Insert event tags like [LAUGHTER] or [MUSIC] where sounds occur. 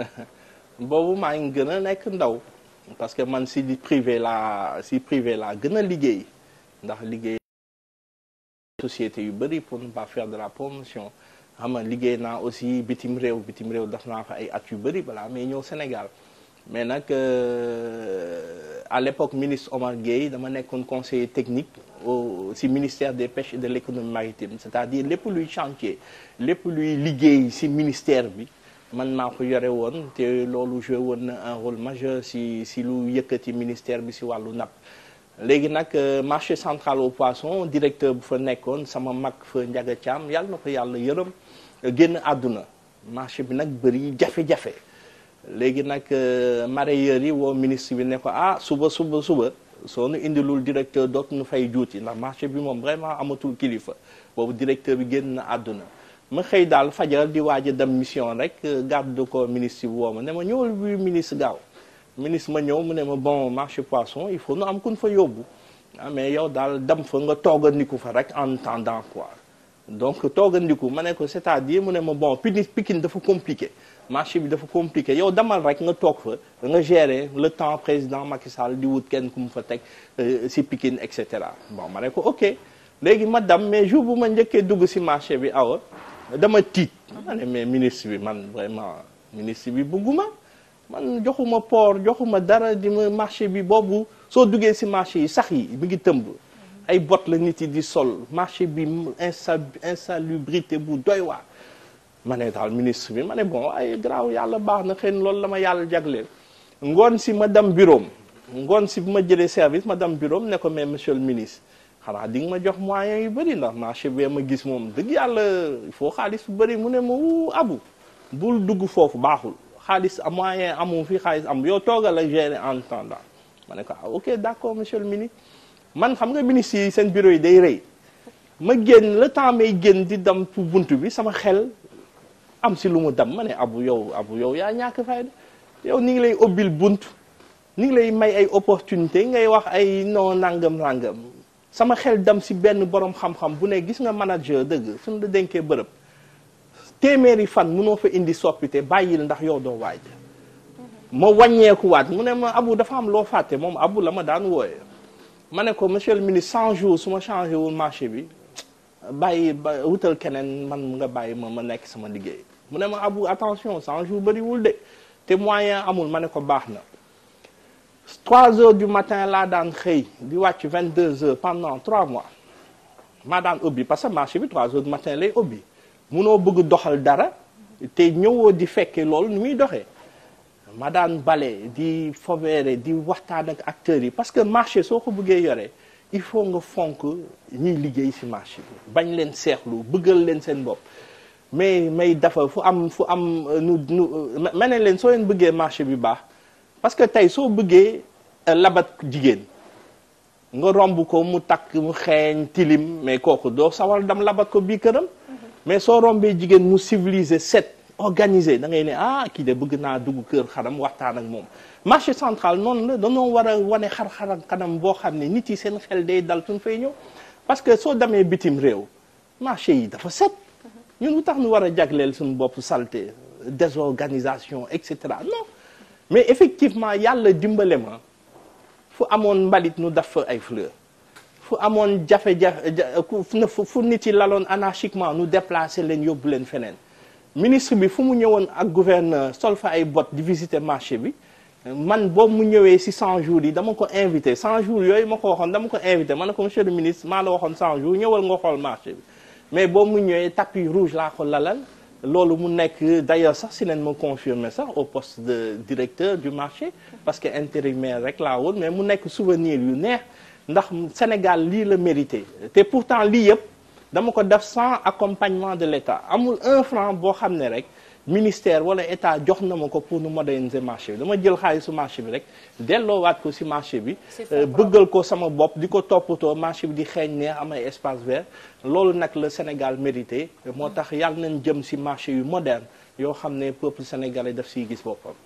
[LAUGHS] boobu maa ngi gën a nekk ndaw parce que man si privé laa si privé la gën a liggéey ndax liggéey yu bëri pour la promotion xam nga liggéey naa aussi bitim réew bitim réew def naa fa ay at yu bëri balaa mais ñëw Sénégal mais nag euh, à l'époque ministre Omar Gueye dama nekkoon conseil technique au si ministère des pêches de l'économie maritime cest à lépp luy chantier lépp luy liggéey si ministère bi man maa ko yore woon te loolu joué woon na un rôle majeur si si lu yëkkati ministère bi si wàllu napp léegi nag euh, marché central au poisson directeur bu fa nekkoon sama mag fa Ndiaga Thiam yàlla na ko yàlla yërëm génn àdduna marché bi nag bëri jafe-jafe léegi nag euh, mareyeurs yi woo ministre bi ne ko ah suba suba suba soo indi indilul directeur dootu nu fay juuti ndax marché bi moom vraiment amatul kilifa boobu directeur bi génn na àdduna ma xëy daal fajar di waaj a dem mission rek garde de corps ministre bi woo ma ne ma ñëwal bu ministre gaaw ministre ma ñëw mu ne ma bon marché poisson il faut nu am kun fa yóbbu ah mais yow daal dem fa nga toogandiku fa rek en attendant quoi donc toogandiku ma ne ko c'est-à-dire mu ne ma bon pini Pikine dafa compliqué marché bi dafa compliqué yow demal rek nga toog fa nga gérer le temps président Macky Sall di wut kenn ku mu fa teg euh, si Pikine et cetera bon ma ne ko ok léegi ma dem mais jour bu ma njëkkee dugg si marché bi awa dama tiit ma ne mais ministre bi man vraiment ministre bi bëgguma man joxuma port joxuma dara di ma marché bi boobu soo duggee si marché yi sax yi mi ngi tëmb ay bot la nit di sol marché bi insa insalubrité bu doy waa ma ne daal ministre bi ma ne bon ay garaaw yàlla baax na xëy na loolu la ma yàlla jagleel ngoon si ma dem bureau ngoon si bu ma jëlee service ma dem bureau ne ko mais monsieur le ministre xanaa di nga ma jox moyens yu bëri ndax marché bee ma gis moom dëgg yàlla il xaalis bu bëri mu ne ma wu abu bul dugg foofu baaxul xaalis moyen amu fi xaalis am yow toogal a gérer en attendant ma ne ko ah ok d' accord man xam nga ministre seen bureau yi day rëy ma génn le temps may génn di dem pour bunt bi sama xel am si lu mu dem ma ne abu yow abu yow yaa ñàkk fayda yow ni ngi lay ubbil bunt ni ngi lay may ay opportunité ngay wax ay non nangam nangam sama xel dem si benn borom xam-xam bu ne gis nga manager dëgg suñ la dénkee bërëb téeméeri fan munoo fa indi soppite bàyyil ndax yow doo waaj ma wàññeekuwaat mu ne ma abu dafa am loo fàtte moom abu la ma daan wooye ma ne ko monsieur le ministre 100 jours su ma changé wul marché bi bàyyi ba wutal keneen man nga bàyyi ma ma nekk sama liggéey mu ne ma abu attention 100 jours bëriwul de te moyen amul ma ne ko baax na trois heures du matin laa daan xëy di wàcc vingt deux heures pendant trois mois maa daan obbi parce que marché bi trois heures du matin lay ubbi munoo bëgg doxal dara te ñëwoo di fekkee loolu nu muy doxee ma daan bale di fobeere di waxtaan ak acteurs yi parce que marché soo ko bëggee yore il faut nga fonk ñuy liggéey si marché bi bañ leen seexlu bëggal leen seen bopp mais may dafa fu am fu am euh, nu nu euh, ma ne leen soo leen bëggee marché bi baax parce que tey soo bëggee euh, labat jigéen nga romb ko mu takk mu xeeñ tilim mais kooku doo sawal dam labat ko bii këram mm-hmm. mais soo rombee jigéen mu civilisé set organisé da ngay ne ah kii de bëgg naa dugg kër xaram waxtaan ak moom marché central noonu la dañoo war a wane xar-xar ak kanam boo xam ne nit yi seen xel day dal suñ fay ñëw parce que soo demee bitim réew marché yi dafa set mm-hmm. ñu lu tax ñu war a jagleel suñu bopp saleté désorganisation et cetera non mais effectivement yàlla dimbale ma fu amoon mbalit nu daf fa ay fleur fu amoon jafe-jafe fu nit yi laloon anarchiquement nu déplacé leen yóbbu leen feneen ministre bi fu mu ñëwoon ak gouverneur sol fa ay bot di mache bi man boobu mu ñëwee si 100 jours yi dama ko invité 100 jours yooyu ma ko waxoon dama ko invité ma ne ko monsieur le ministre maa la waxoon 100 jours ñëwal nga xool marché bi mais boobu mu ñëwee tapis rouge laa ko lalal loolu mu nekk d'ailleurs sax si leen ma confirmer sax au poste de directeur du marché parce que intérimaire rek laa woon mais mu nekk souvenir yu neex ndax Sénégal lii la mérité te pourtant lii yëpp dama ko def sans accompagnement de l'État amul un franc boo xam ne rek ministère wala état jox na ma ko pour nu moderniser marché bi dama jël xaalisu marché bi rek delloowaat ko si marché bi euh, bëggal ko sama bopp di ko toppatoo marché bi di xeeñ neex am ay espace vert loolu nag la Sénégal mérité moo tax yàlla nañ jëm si marché yu moderne yoo xam ne peuple sénégalais daf siy gis boppam